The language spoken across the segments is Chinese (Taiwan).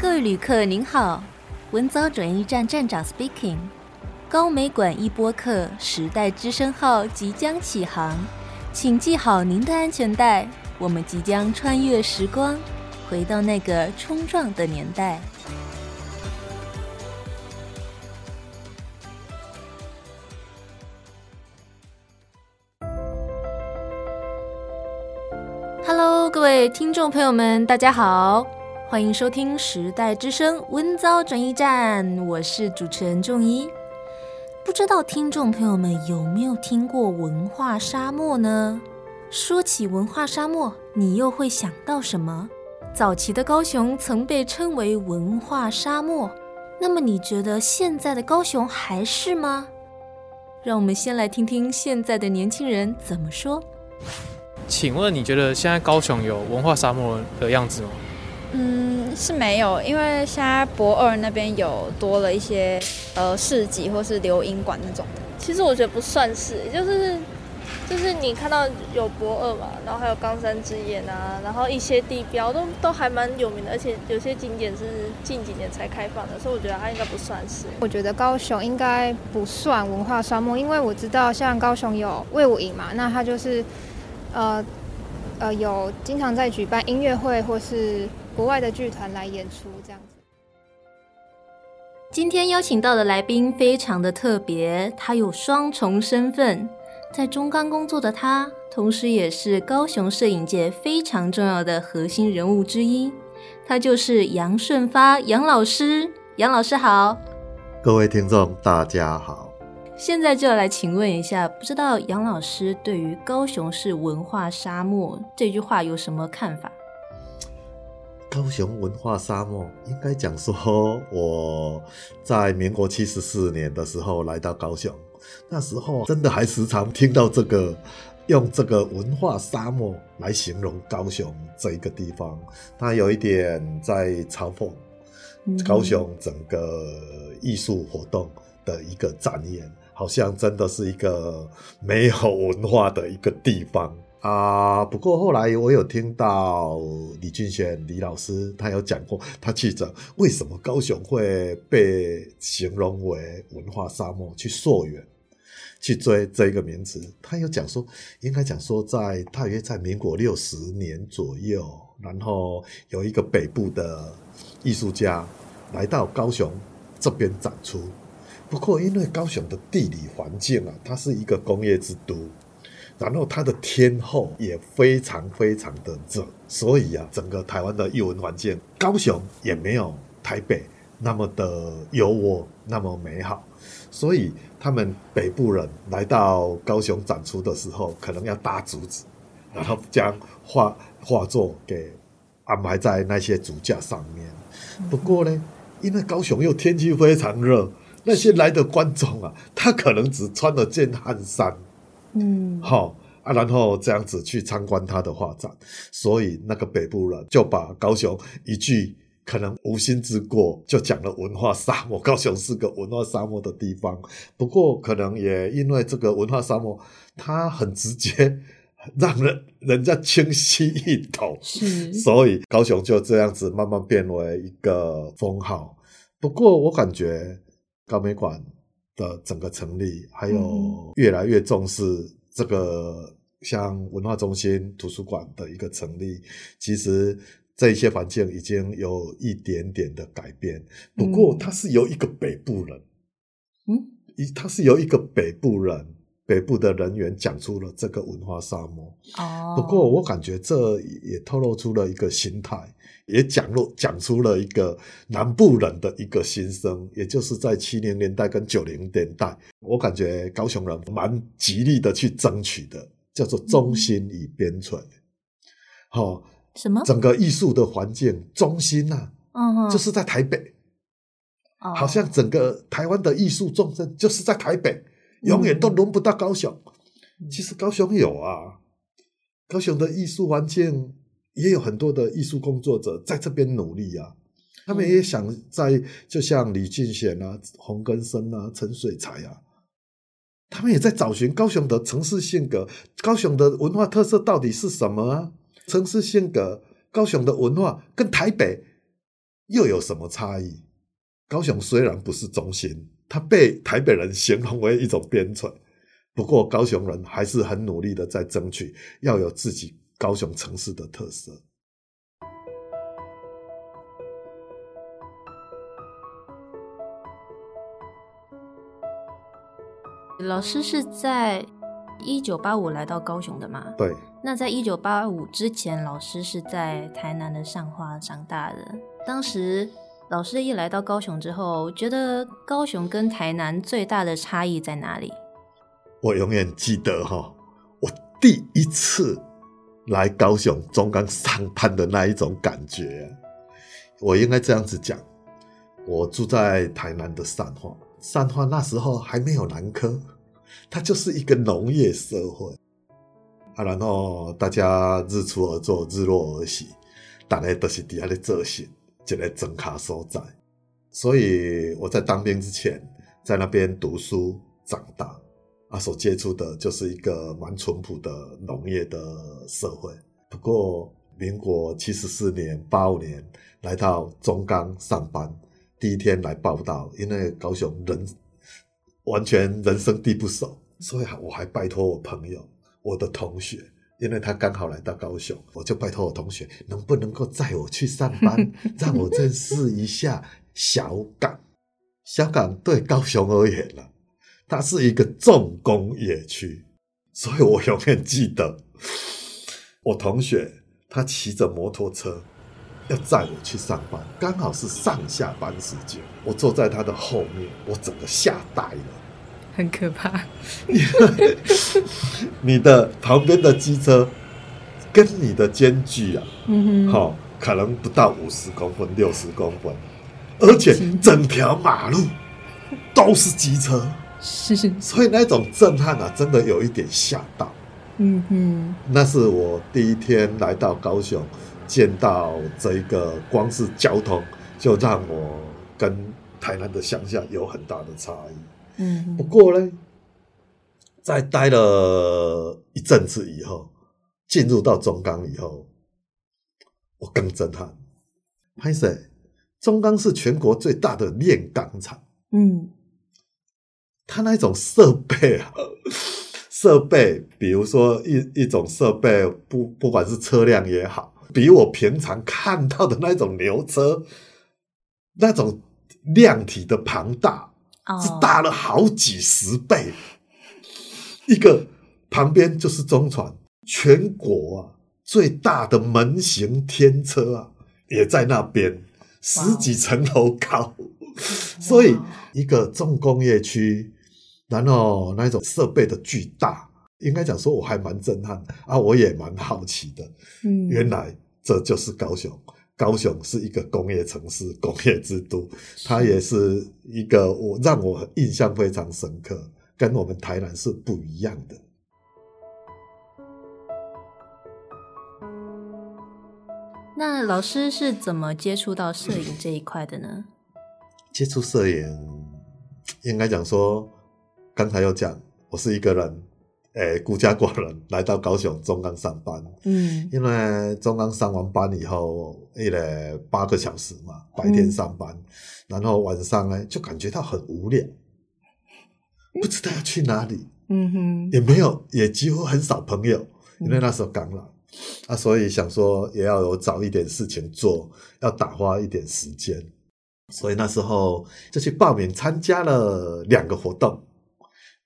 各位旅客，您好，文藻轉運站站長 speaking，高美館一播客《時代之聲號》即將啟航，請繫好您的安全帶，我們即將穿越時光，回到那個衝撞的年代。Hello，各位聽眾朋友們，大家好。歡迎收聽《時代之聲·文藻轉譯站》，我是主持人仲一。不知道聽眾朋友們有沒有聽過“文化沙漠”呢？說起文化沙漠，你又會想到什麼？早期的高雄曾被稱為“文化沙漠”，那麼你覺得現在的高雄還是嗎？讓我們先來聽聽現在的年輕人怎麼說。請問你覺得現在高雄有文化沙漠的樣子嗎？嗯，是沒有，因為現在駁二那邊有多了一些呃市集或是流音館那種。其實我覺得不算是，就是就是你看到有駁二嘛，然後還有岡山之眼啊，然後一些地標都都還蠻有名的，而且有些景點是近幾年才開放的，所以我覺得它應該不算是。我覺得高雄應該不算文化沙漠，因為我知道像高雄有衛武營嘛，那它就是呃呃有經常在舉辦音樂會或是。國外的劇團來演出這樣子。今天邀請到的來賓非常的特別，他有雙重身份，在中鋼工作的他，同時也是高雄攝影界非常重要的核心人物之一。他就是楊順發楊老師，楊老師好。各位聽眾大家好。現在就要來請問一下，不知道楊老師對於“高雄是文化沙漠”這句話有什麼看法？高雄文化沙漠，應該講說，我在民國七十四年的時候來到高雄，那時候真的還時常聽到這個，用這個文化沙漠來形容高雄這一個地方，它有一點在嘲諷高雄整個藝術活動的一個展演，好像真的是一個沒有文化的一個地方。啊、呃，不過後來我有聽到李俊賢李老師他有講過，他記講為什麼高雄會被形容為文化沙漠，去溯源，去追這一個名詞。他有講說，應該講說在大約在民國六十年左右，然後有一個北部的藝術家來到高雄這邊展出。不過因為高雄的地理環境啊，它是一個工業之都。然後他的天候也非常非常的熱，所以啊，整個台灣的藝文環境，高雄也沒有台北那麼的優渥，那麼美好。所以他們北部人來到高雄展出的時候，可能要搭竹子，然後將畫畫作給安排在那些竹架上面。不過呢，因為高雄又天氣非常熱，那些來的觀眾啊，他可能只穿了件汗衫。嗯，好、哦、啊，然後這樣子去參觀他的畫展，所以那個北部人就把高雄一句可能無心之過，就講了文化沙漠，高雄是個文化沙漠的地方。不過可能也因為這個文化沙漠，它很直接讓人人家清晰一頭，是所以高雄就這樣子慢慢變為一個封號。不過我感覺高美館的整個成立，還有越來越重視這個像文化中心、圖書館的一個成立，其實這一些環境已經有一點點的改變。不過，他是由一個北部人，嗯，一他是由一個北部人。北部的人員講出了這個文化沙漠哦，oh. 不過我感覺這也透露出了一個心態，也講露講出了一個南部人的一個心聲，也就是在七零年代跟九零年代，我感覺高雄人蠻極力的去爭取的，叫做中心與邊陲。好、嗯，哦、什麼？整個藝術的環境中心吶、啊，uh huh. 就是在台北，oh. 好像整個台灣的藝術重鎮就是在台北。永遠都輪不到高雄，其實高雄有啊，高雄的藝術環境也有很多的藝術工作者在這邊努力呀、啊，他們也想在，就像李俊賢啊、洪根深啊、陳水財啊，他們也在找尋高雄的城市性格，高雄的文化特色到底是什麼啊？城市性格，高雄的文化跟台北又有什麼差異？高雄雖然不是中心。他被台北人形容為一種邊陲，不過高雄人還是很努力的在爭取，要有自己高雄城市的特色。老師是在一九八五來到高雄的嗎？對。那在一九八五之前，老師是在台南的善化長大的，當時。老師一來到高雄之後，我覺得高雄跟台南最大的差異在哪裡？我永遠記得哈，我第一次來高雄中鋼上班的那一種感覺。我應該這樣子講，我住在台南的善化，善化那時候還沒有南科，它就是一個農業社會。啊，然後大家日出而作，日落而息，大家都是底下的作息。就在整卡所在，所以我在當兵之前，在那邊讀書長大，啊，所接觸的就是一個蠻淳樸的農業的社會。不過，民國七十四年、八五年來到中鋼上班，第一天來報到，因為高雄人完全人生地不熟，所以我還拜託我朋友、我的同學。因為他剛好來到高雄，我就拜托我同學，能不能夠載我去上班， 讓我認識一下小港。小港對高雄而言呢，它是一個重工業區，所以我永遠記得，我同學他騎着摩托車要載我去上班，剛好是上下班時間，我坐在他的後面，我整個嚇呆了。很可怕， 你的旁邊的機車跟你的間距啊，嗯哼，哦，好可能不到五十公分，六十公分，而且整條馬路都是機車，是是，所以那種震撼啊，真的有一點嚇到。嗯嗯 哼，那是我第一天來到高雄，見到這一個光是交通，就讓我跟台南的鄉下有很大的差異。嗯，不過呢，在待了一陣子以後，進入到中鋼以後，我更震撼。潘 Sir，中鋼是全國最大的煉鋼廠，嗯，它那一種設備啊，設備，比如說一一種設備，不不管是車輛也好，比我平常看到的那種牛車，那種量體的龐大是大了好幾十倍，Oh. 一個旁邊就是中船，全國啊最大的門型天車啊，也在那邊 Wow. 十幾層樓高，Wow. 所以一個重工業區，然後那種設備的巨大，應該講說我還蠻震撼，啊我也蠻好奇的，嗯，原來這就是高雄。高雄是一個工業城市，工業之都，它也是一個我讓我印象非常深刻，跟我們台南是不一樣的。那老師是怎麼接觸到攝影這一塊的呢？嗯，接觸攝影，應該講說，剛才有講，我是一個人。誒、哎，孤家寡人來到高雄中鋼上班。嗯，因為中鋼上完班以後，一來八個小時嘛，白天上班，嗯、然後晚上呢就感覺到很無聊，嗯、不知道要去哪裡。嗯哼，也沒有，也幾乎很少朋友，因為那時候剛來，嗯、啊，所以想說也要有找一點事情做，要打發一點時間。所以那時候就去報名參加了兩個活動。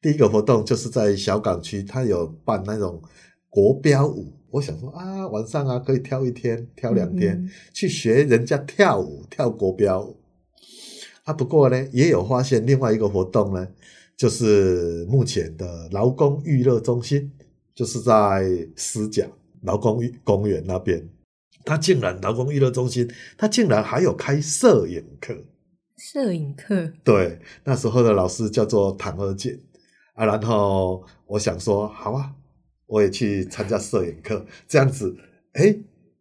第一個活動就是在小港區，他有辦那種國標舞。我想說啊，晚上啊可以跳一天，跳兩天，嗯嗯去學人家跳舞，跳國標舞。啊，不過呢，也有發現另外一個活動呢，就是目前的勞工育樂中心，就是在獅甲勞工公園那邊，他竟然勞工育樂中心，他竟然還有開攝影課。攝影課。對，那時候的老師叫做唐二健。啊，然後我想說，好啊，我也去參加攝影課，這樣子，誒，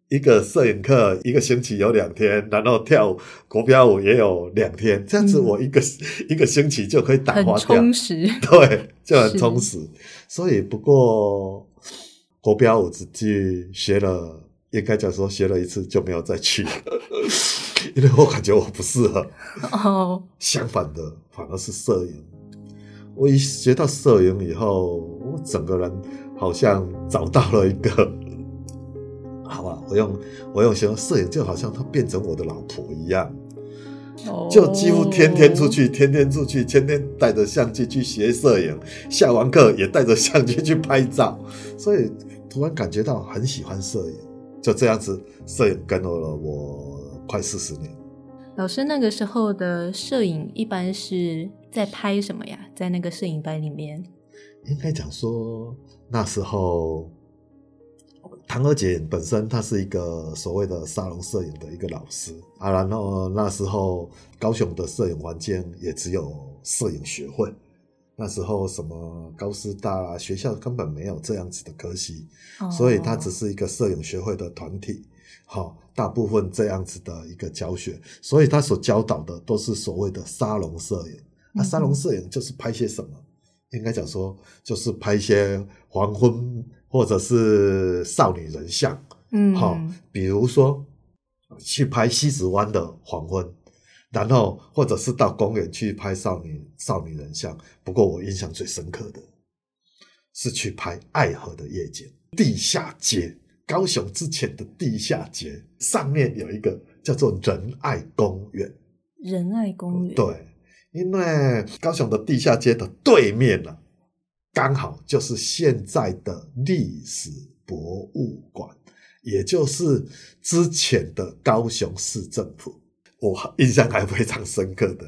一個攝影課一個星期有兩天，然後跳舞國標舞也有兩天，這樣子我一個、嗯、一個星期就可以打發掉，充實，對，就很充實。是所以不過國標舞只去學了，應該講說學了一次就沒有再去， 因為我感覺我不適合。哦，oh. 相反的，反而是攝影。我一學到攝影以後，我整個人好像找到了一個，好吧，我用我用形容攝影，就好像他變成我的老婆一樣，就幾乎天天出去，天天出去，天天帶着相機去學攝影，下完課也帶着相機去拍照，所以突然感覺到很喜歡攝影，就這樣子，攝影跟了我快四十年。老師那個時候的攝影一般是在拍什麼呀？在那個攝影班裡面，應該講說，那時候唐二姐本身她是一個所謂的沙龍攝影的一個老師啊。然後那時候高雄的攝影環境也只有攝影學會，那時候什麼高師大、啊、學校根本沒有這樣子的科系，哦、所以她只是一個攝影學會的團體。好、哦。大部分這樣子的一個教學，所以他所教導的都是所謂的沙龍攝影。那、啊、沙龍攝影就是拍些什麼？嗯、哼應該講說，就是拍一些黃昏，或者是少女人像。嗯，好、哦，比如說去拍西子灣的黃昏，然後或者是到公園去拍少女少女人像。不過我印象最深刻的，是去拍愛河的夜景、地下街。高雄之前的地下街上面有一個叫做仁愛公園。仁愛公園。對，因為高雄的地下街的對面呢、啊，剛好就是現在的歷史博物館，也就是之前的高雄市政府。我印象還非常深刻的，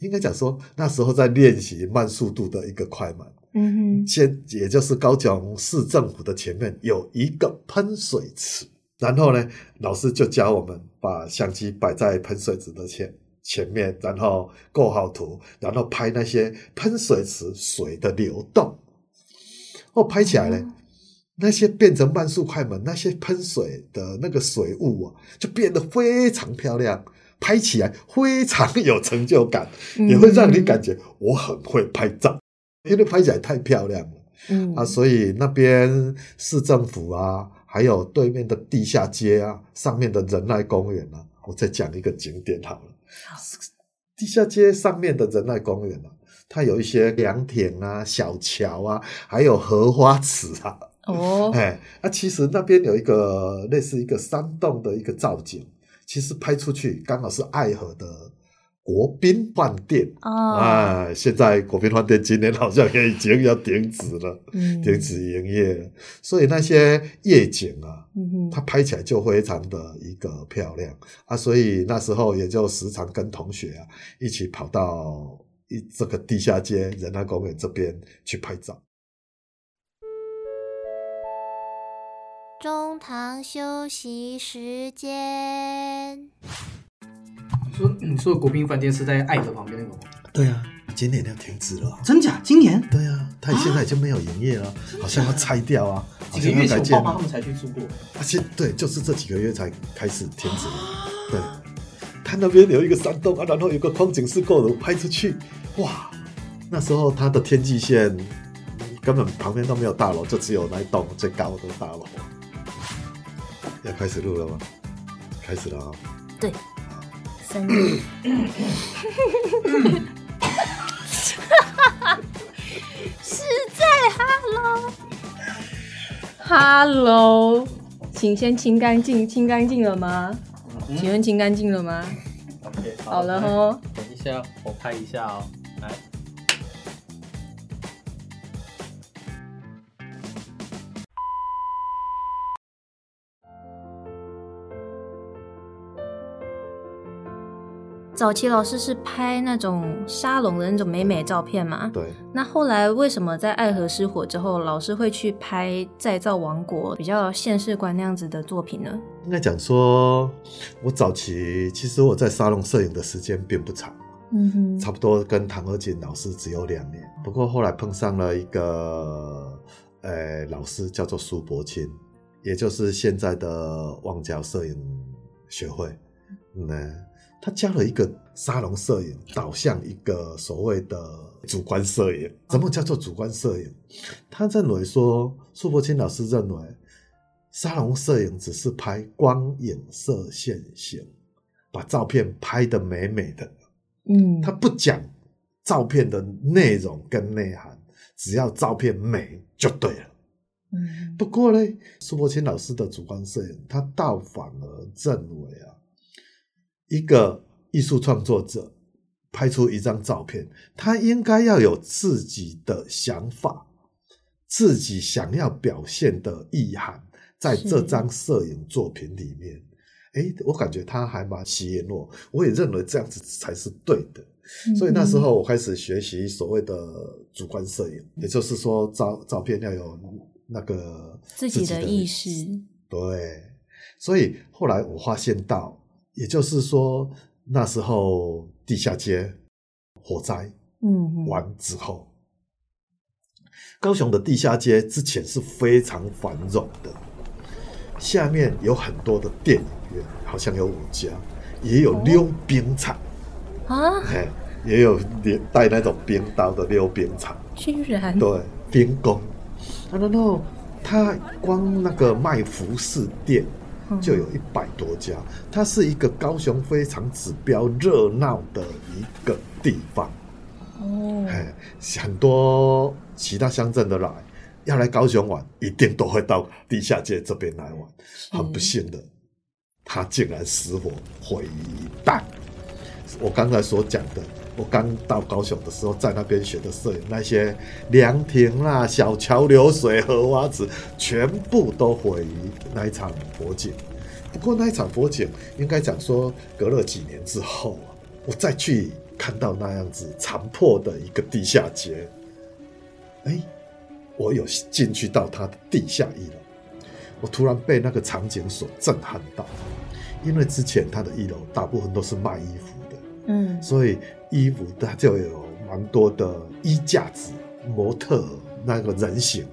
應該講說那時候在練習慢速度的一個快門。嗯哼，先，也就是高雄市政府的前面有一個噴水池，然後呢，老師就教我們把相機擺在噴水池的前前面，然後構好圖，然後拍那些噴水池水的流動。哦，拍起來呢，哦、那些變成慢速快門，那些噴水的那個水霧啊，就變得非常漂亮，拍起來非常有成就感，也會讓你感覺我很會拍照。因為拍起來太漂亮了，嗯啊，所以那邊市政府啊，還有對面的地下街啊，上面的仁愛公園啊，我再講一個景點好了。地下街上面的仁愛公園啊，它有一些涼亭啊、小橋啊，還有荷花池啊。哦，哎，那、啊、其實那邊有一個類似一個山洞的一個造景，其實拍出去剛好是愛河的。國賓飯店啊、哦哎，現在國賓飯店今年好像已經要停止了，嗯、停止營業了。所以那些夜景啊，嗯、哼它拍起來就非常的一個漂亮啊。所以那時候也就時常跟同學啊一起跑到一這個地下街仁愛公園這邊去拍照。中堂休息時間。說，你說的國賓飯店是在愛河旁邊那個嗎？對呀、啊，今年要停止了，哦嗯，真假？今年？對啊，它現在已經沒有營業了，啊、好像要拆掉啊。幾個月前爸媽他們才去住過且、啊啊、對，就是這幾個月才開始停止了。啊、對，它那邊有一個山洞啊，然後有個框景式構圖，拍出去，哇，那時候它的天際線、嗯、根本旁邊都沒有大樓，就只有那一棟最高的大樓。 要開始錄了嗎？開始了啊、哦。對。哈哈哈哈哈！實在哈嘍，哈 嘍，Hello, 請先清乾淨，清乾淨了嗎？嗯、請問清乾淨了嗎？Okay, 好了哈，哦、okay, 等一下我拍一下哦。早期老師是拍那種沙龍的那種美美照片嘛？對。對，那後來為什麼在愛河失火之後，老師會去拍再造王國比較現實觀那樣子的作品呢？應該講說，我早期其實我在沙龍攝影的時間並不長，嗯哼，差不多跟唐二瑾老師只有兩年。不過後來碰上了一個呃、欸、老師，叫做蘇柏青，也就是現在的旺角攝影學會，嗯、欸。他加了一個沙龍攝影，導向一個所謂的主觀攝影。什麼叫做主觀攝影？他認為說，蘇伯清老師認為，沙龍攝影只是拍光影色線形，把照片拍得美美的。嗯，他不講照片的內容跟內涵，只要照片美就對了。嗯，不過呢，蘇伯清老師的主觀攝影，他倒反而認為啊。一個藝術創作者拍出一張照片，他應該要有自己的想法，自己想要表現的意涵在這張攝影作品裡面。是誒我感覺他還蠻吸引我，我也認為這樣子才是對的。嗯、所以那時候我開始學習所謂的主觀攝影，嗯、也就是說照，照照片要有那個自己的，自己的意識。對，所以後來我發現到。也就是說，那時候地下街火災、嗯、哼完之後，高雄的地下街之前是非常繁榮的。下面有很多的電影院，好像有五家，也有溜冰場啊、哦，嘿，也有連帶那種冰刀的溜冰場。居然對冰宮，他光那個賣服飾店，就有一百多家，它是一個高雄非常指標熱鬧的一個地方。哦，嘿，很多其他鄉鎮的人來，要來高雄玩，一定都會到地下街這邊來玩。很不幸的，他竟然失火毀於一旦。我剛才所講的。我剛到高雄的時候，在那邊學的攝影，那些涼亭啦、小橋流水、荷花池，全部都毀於那一場火警。不過那一場火警，應該講說，隔了幾年之後啊，我再去看到那樣子殘破的一個地下街，哎，我有進去到他的地下一樓，我突然被那個場景所震撼到，因為之前他的一樓大部分都是賣衣服。嗯，所以衣服它就有蠻多的衣架子、模特那個人形，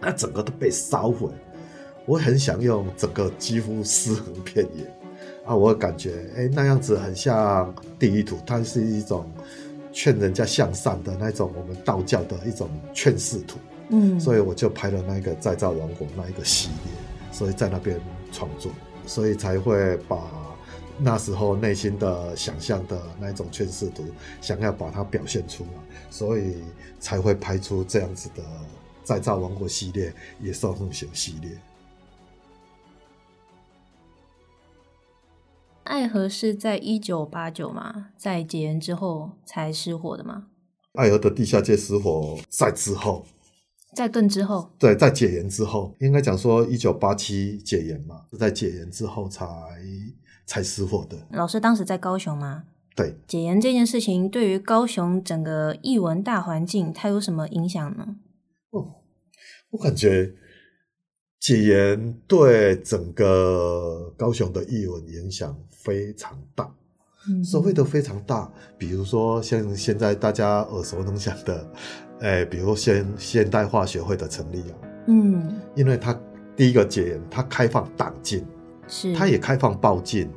那整個都被燒毀。我很想用整個幾乎屍橫遍野啊，我感覺哎、欸、那樣子很像地獄圖，它是一種勸人家向善的那種我們道教的一種勸世圖。嗯，所以我就拍了那個再造王國那一個系列，所以在那邊創作，所以才會把。那時候內心的想象的那種勸世圖，想要把它表現出來，所以才會拍出這樣子的《再造王國》系列、《野獸奉行》系列。愛河是在一九八九嘛，在解嚴之後才失火的嘛？愛河的地下街失火在之後，在更之後，對，在解嚴之後，應該講說一九八七解嚴嘛，是在解嚴之後才。才失火的。老師當時在高雄嗎？對。解嚴這件事情對於高雄整個藝文大環境，它有什麼影響呢？哦，我感覺解嚴對整個高雄的藝文影響非常大，嗯，社會都非常大。比如說像現在大家耳熟能詳的，哎、欸，比如說現現代化學會的成立啊，嗯，因為它第一個解嚴，它開放黨禁，是，它也開放報禁。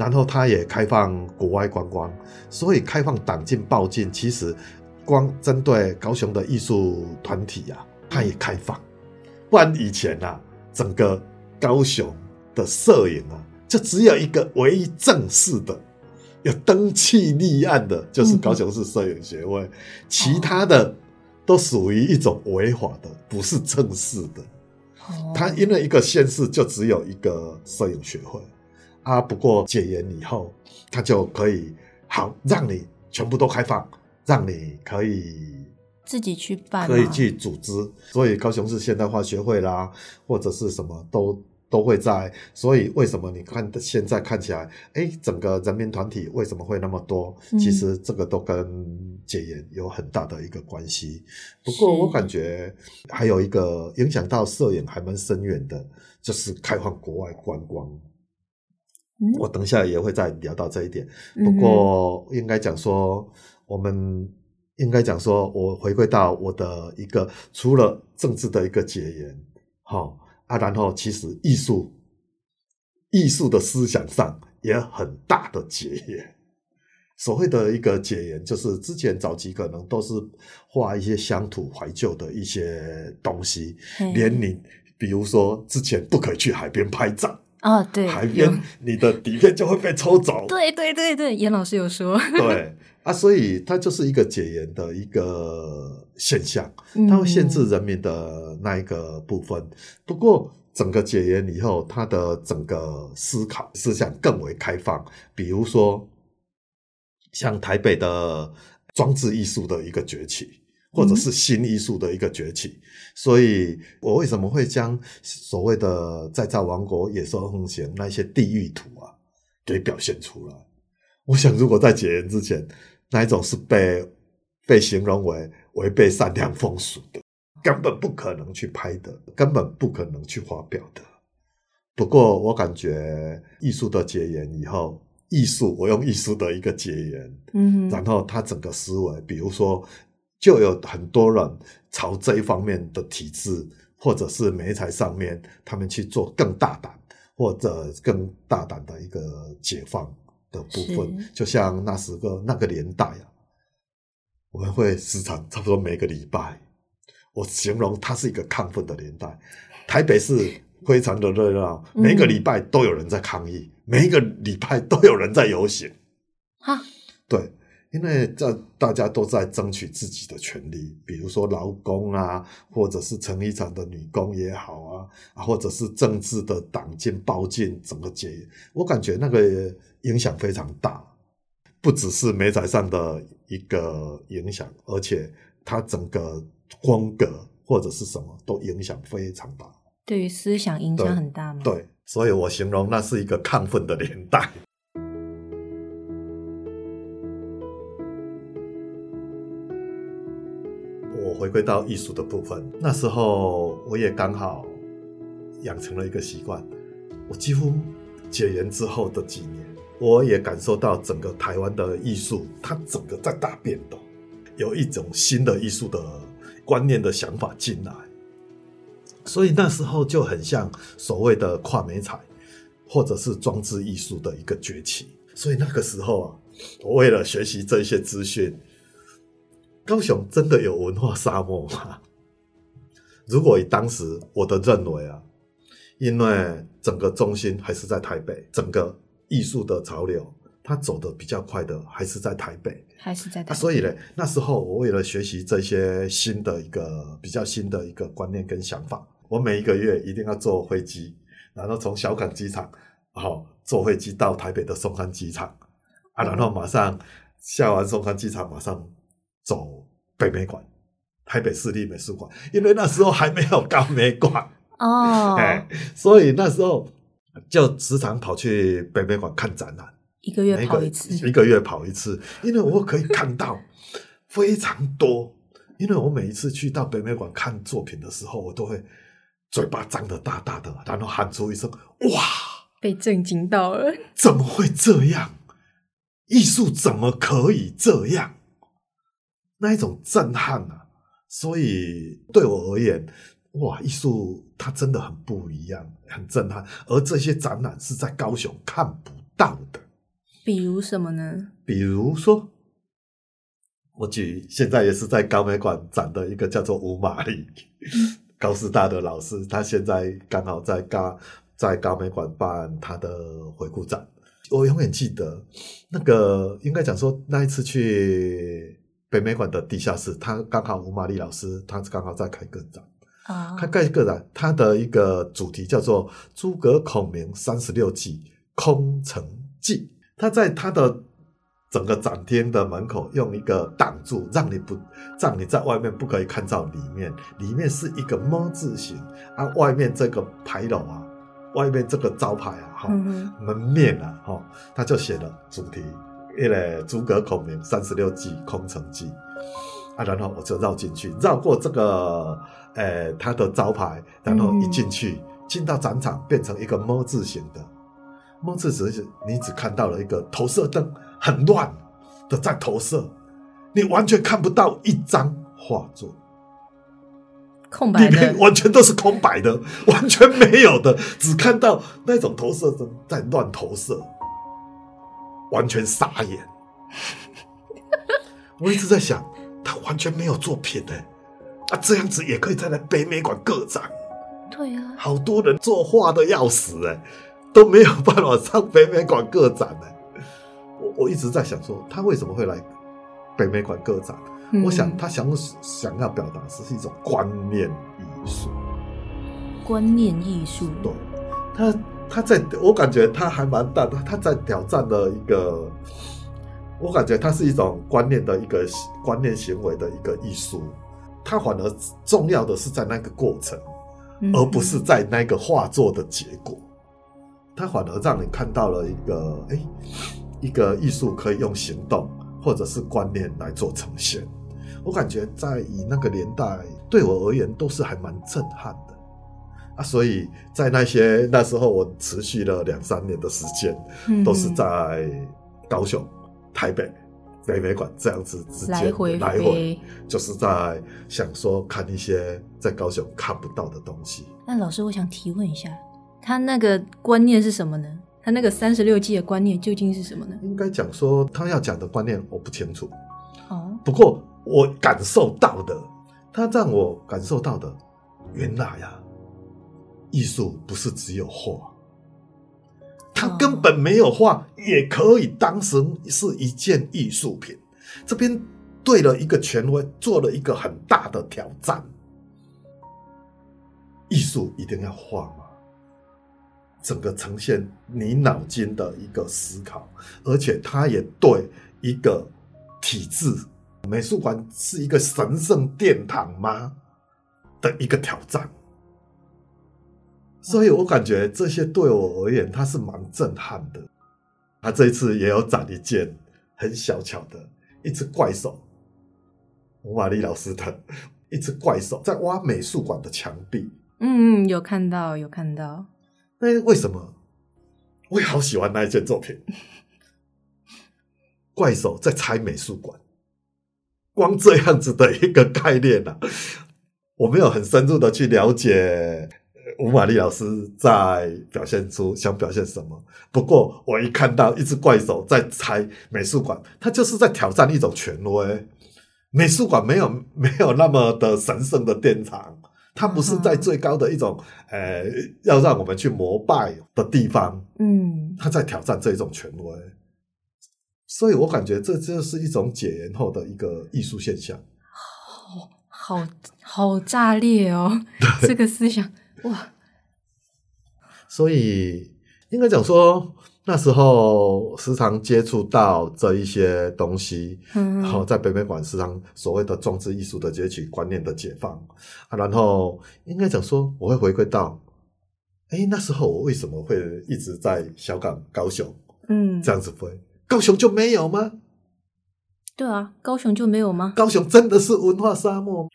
然後他也開放國外觀光，所以開放黨禁報禁，其實光針對高雄的藝術團體呀、啊，他也開放。不然以前吶、啊，整個高雄的攝影啊，就只有一個唯一正式的、有登記立案的，就是高雄市攝影協會，嗯、哼其他的都屬於一種違法的，不是正式的。嗯、哼他因為一個縣市就只有一個攝影學會。啊，不過解嚴以後，他就可以好讓你全部都開放，讓你可以自己去辦，可以去組織。所以高雄市現代化學會啦，或者是什麼都都會在。所以為什麼你看的現在看起來，哎，整個人民團體為什麼會那麼多？嗯，其實這個都跟解嚴有很大的一個關係。不過我感覺還有一個影響到攝影還蠻深遠的，就是開放國外觀光。我等一下也會再聊到這一點，不過應該講說，嗯、哼我們應該講說，我回歸到我的一個除了政治的一個解嚴，好、哦、啊，然後其實藝術，藝術的思想上也很大的解嚴。所謂的一個解嚴，就是之前早期可能都是畫一些鄉土懷舊的一些東西，年齡嘿，比如說之前不可以去海邊拍照。啊，對，海邊邊有你的底片就會被抽走。對對對對，嚴老師有說。 對啊，所以它就是一個解嚴的一個現象，它會限制人民的那一個部分。嗯。不過整個解嚴以後，它的整個思考思想更為開放。比如說，像台北的裝置藝術的一個崛起。或者是新藝術的一個崛起，嗯、所以我為什麼會將所謂的再造王國、野獸橫行那些地獄圖啊給表現出來？我想，如果在解嚴之前，那一種是被被形容為違背善良風俗的，根本不可能去拍的，根本不可能去發表的。不過，我感覺藝術的解嚴以後，藝術我用藝術的一個解嚴，嗯、哼然後他整個思維，比如說。就有很多人朝這一方面的體制，或者是媒體上面，他們去做更大膽，或者更大膽的一個解放的部分。是就像那時候那個年代啊，我們會時常差不多每個禮拜，我形容它是一個亢奮的年代。台北市非常的熱鬧，每個禮拜都有人在抗議，嗯、每一個禮拜都有人在遊行。哈，對。因為在大家都在爭取自己的權利，比如說勞工啊，或者是成衣廠的女工也好啊，或者是政治的黨禁、報禁整個結，我感覺那個影響非常大，不只是媒體上的一個影響，而且它整個風格或者是什麼都影響非常大，對於思想影響很大嗎？對，對，所以我形容那是一個亢奮的年代。回到藝術的部分，那時候我也剛好養成了一個習慣。我幾乎解嚴之後的幾年，我也感受到整個台灣的藝術，它整個在大變動，有一種新的藝術的觀念的想法進來。所以那時候就很像所謂的跨媒材或者是裝置藝術的一個崛起。所以那個時候啊，我為了學習這些資訊。高雄真的有文化沙漠嗎？如果以當時我的認為啊，因為整個中心還是在台北，整個藝術的潮流它走得比較快的還是在台北，還是在台北。啊、所以呢，那時候我為了學習這些新的一個比較新的一個觀念跟想法，我每一個月一定要坐飛機，然後從小港機場，然、哦、坐飛機到台北的松山機場，啊，然後馬上下完松山機場馬上走。北美館，台北市立美術館，因為那時候還沒有高美館，哦、oh. 欸，所以那時候就時常跑去北美館看展覽，一個月跑一次一，一個月跑一次，因為我可以看到非常多， 因為我每一次去到北美館看作品的時候，我都會嘴巴張得大大的，然後喊出一聲哇，被震驚到了，怎麼會這樣？藝術怎麼可以這樣？那一種震撼啊！所以對我而言，哇，藝術它真的很不一樣，很震撼。而這些展覽是在高雄看不到的，比如什麼呢？比如說，我舉現在也是在高美館展的一個叫做吳瑪麗、嗯、高師大的老師，他現在剛好在高在高美館辦他的回顧展。我永遠記得那個，應該講說那一次去。北美館的地下室，他剛好吳瑪麗老師，他剛好在開個展，啊，開蓋個展，他的一個主題叫做《諸葛孔明三十六計空城計》，他在他的整個展廳的門口用一個擋住，讓你不讓你在外面不可以看到裡面，裡面是一個“門”字形，啊，外面這個牌樓啊，外面這個招牌啊，哈、哦，嗯、門面啊，哈、哦，他就寫了主題。因為諸葛孔明三十六計空城計啊，然後我就繞進去，繞過這個呃他的招牌，然後一進去、嗯、進到展場，變成一個 “M” 字形的 “M” 字形，你只看到了一個投射燈，很亂的在投射，你完全看不到一張畫作，空白的，完全都是空白的， 完全沒有的，只看到那種投射燈在亂投射。完全傻眼， 我一直在想，他完全沒有作品呢，啊，這樣子也可以再來北美館個展？對啊，好多人作畫都要死哎，都沒有辦法上北美館個展哎。我我一直在想說，他為什麼會來北美館個展？嗯、我想他想想要表達的，只是一種觀念藝術。觀念藝術。對，他。他在我感覺他還蠻大的，他在挑戰的一個，我感覺他是一種觀念的一個觀念行為的一個藝術，他反而重要的是在那個過程，而不是在那個畫作的結果，嗯嗯，他反而讓你看到了一個，哎，一個藝術可以用行動或者是觀念來做呈現，我感覺在以那個年代對我而言都是還蠻震撼的。所以在那些那時候，我持續了兩三年的時間，嗯、哼都是在高雄、台北、北美館這樣子直接來回，回來回，就是在想說看一些在高雄看不到的東西。那老師，我想提問一下，他那個觀念是什麼呢？他那個三十六計的觀念究竟是什麼呢？應該講說他要講的觀念我不清楚哦。Oh. 不過我感受到的，他讓我感受到的，原來呀、啊。藝術不是只有畫，它根本沒有畫也可以當成是一件藝術品。這邊對了一個權威做了一個很大的挑戰：藝術一定要畫嗎？整個呈現你腦筋的一個思考，而且他也對一個體制美術館是一個神聖殿堂嗎？的一個挑戰。所以我感覺這些對我而言，他是蠻震撼的。他這一次也有展一件很小巧的一只怪手，吳瑪麗老師的，一只怪手在挖美術館的牆壁。嗯，有看到，有看到。那、欸、為什麼我也好喜歡那一件作品？ 怪手在拆美術館，光這樣子的一個概念呢、啊？我沒有很深入的去了解。吳瑪麗老師在表現出想表現什麼？不過我一看到一只怪手在拆美術館，他就是在挑戰一種權威。美術館沒有沒有那麼的神聖的殿堂，它不是在最高的一種呃、啊欸、要讓我們去膜拜的地方。嗯，他在挑戰這種權威，所以我感覺這就是一種解嚴後的一個藝術現象。好好好，好好炸裂哦！對這個思想。哇！所以應該講說，那時候時常接觸到這一些東西，嗯，嗯，然後、哦、在北美館時常所謂的裝置藝術的崛起、觀念的解放啊，然後應該講說，我會回饋到，哎、欸，那時候我為什麼會一直在小港、高雄，嗯，這樣子飛。高雄就沒有嗎？對啊，高雄就沒有嗎？高雄真的是文化沙漠？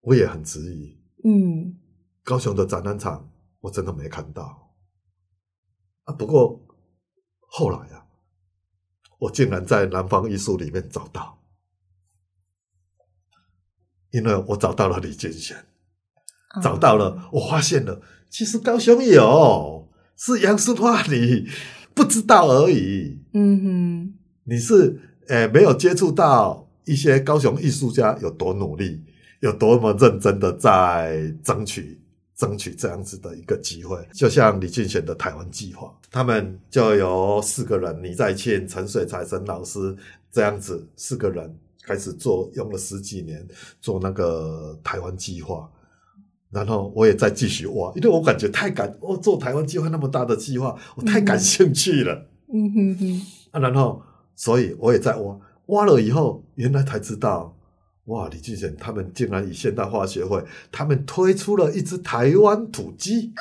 我也很質疑，嗯。高雄的展覽場我真的沒看到啊！不過後來啊，我竟然在南方藝術裡面找到，因為我找到了李俊賢，找到了，我發現了，其實高雄有，是楊淑華你不知道而已。嗯哼，你是哎、欸、沒有接觸到一些高雄藝術家有多努力，有多麼認真的在爭取。爭取這樣子的一個機會，就像李俊賢的台灣計劃，他們就有四個人，李在慶、陳水財、陳老師這樣子四個人開始做，用了十幾年做那個台灣計劃。然後我也在繼續挖，因為我感覺太感哦，做台灣計劃那麼大的計劃，我太感興趣了。嗯嗯嗯，啊，然後所以我也在挖，挖了以後原來才知道。哇！李俊賢他們竟然以現代化學會，他們推出了一隻台灣土雞，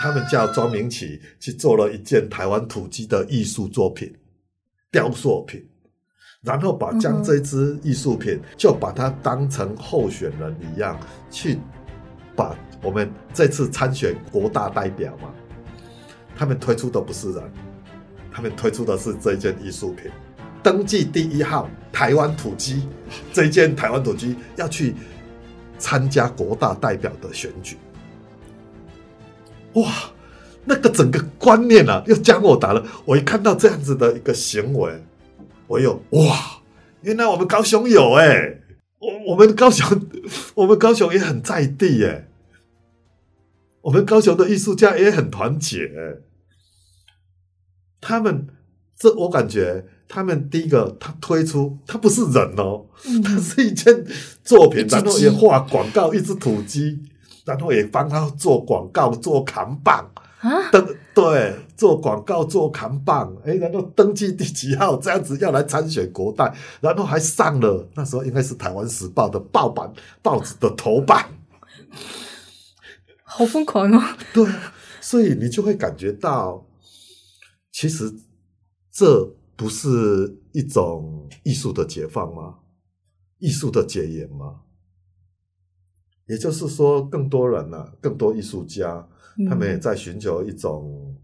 他們叫莊明啟去做了一件台灣土雞的藝術作品、雕塑品，然後把將這隻藝術品、嗯、哼就把它當成候選人一樣去把我們這次參選國大代表嘛，他們推出的不是人，他們推出的是這件藝術品。登記第一號台灣土雞，這件台灣土雞要去參加國大代表的選舉。哇，那個整個觀念啊，又將我打了。我一看到這樣子的一個行為，我又哇，原來我們高雄有哎、欸，我我們高雄，我們高雄也很在地哎、欸，我們高雄的藝術家也很團結、欸，他們這我感覺。他們第一個，他推出，他不是人哦，他、嗯、是一件作品，然後也畫廣告，一只土雞，然後也幫他做廣告做扛棒，登、對，做廣告做扛棒，哎、啊，然後登記第幾號，這樣子要來參選國代，然後還上了，那時候應該是台灣時報的報版報紙的頭版，好瘋狂哦，對，所以你就會感覺到，其實這。不是一種藝術的解放嗎？藝術的解嚴嗎？也就是說更多人、啊，更多人呢，更多藝術家，嗯、他們也在尋求一種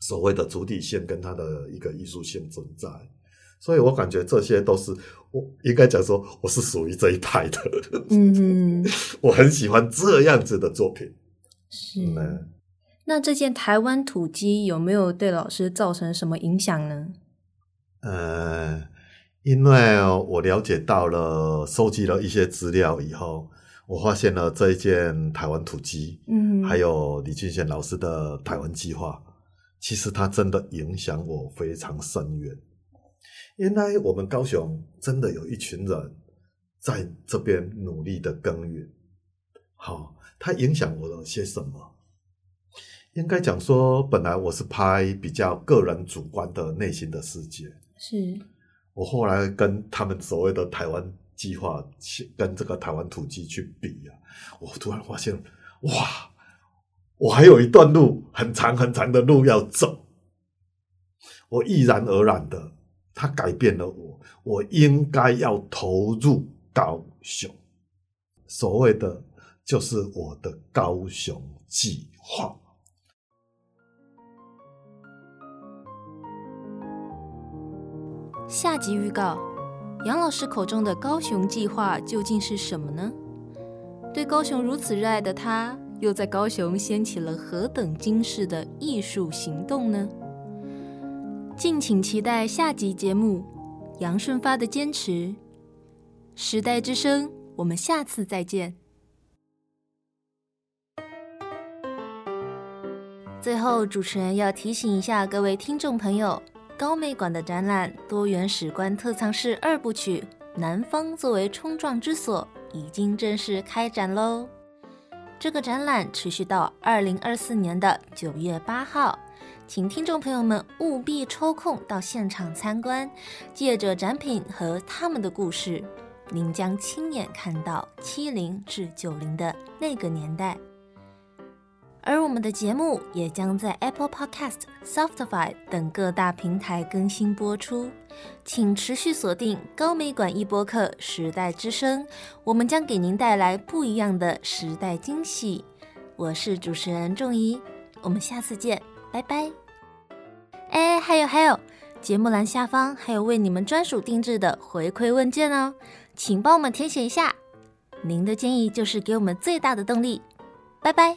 所謂的主體性跟他的一個藝術性存在。所以我感覺這些都是我應該講說，我是屬於這一派的。嗯， 我很喜歡這樣子的作品。是。嗯、那這件台灣土雞有沒有對老師造成什麼影響呢？呃、嗯，因為我了解到了，收集了一些資料以後，我發現了這一件台灣土雞，嗯哼，還有李俊賢老師的台灣計劃，其實它真的影響我非常深遠。原來我們高雄真的有一群人在這邊努力的耕耘。好、哦，它影響我了些什麼？應該講說，本來我是拍比較個人主觀的內心的世界。是我後來跟他們所謂的台灣計劃，跟這個台灣土雞去比啊，我突然發現，哇，我還有一段路很長很長的路要走，我毅然而然的，他改變了我，我應該要投入高雄，所謂的就是我的高雄計劃。下集預告：楊老師口中的高雄計劃究竟是什麼呢？對高雄如此熱愛的他，又在高雄掀起了何等驚世的藝術行動呢？敬請期待下集節目《楊順發的堅持》。時代之聲，我們下次再見。最後，主持人要提醒一下各位聽眾朋友。高美館的展覽“多元史觀特藏室二部曲：南方作為衝撞之所”已經正式開展嘍！這個展覽持續到二零二四年的九月八號，請聽眾朋友們務必抽空到現場參觀。借着展品和他們的故事，您將親眼看到七零至九零的那個年代。而我們的節目也將在 Apple Podcast、Spotify 等各大平台更新播出，請持續鎖定高美館一播客、時代之聲，我們將給您帶來不一樣的時代驚喜。我是主持人仲怡，我們下次見，拜拜。哎，還有還有，節目欄下方還有為你們專屬定制的回饋問卷哦，請幫我們填寫一下，您的建議就是給我們最大的動力。拜拜。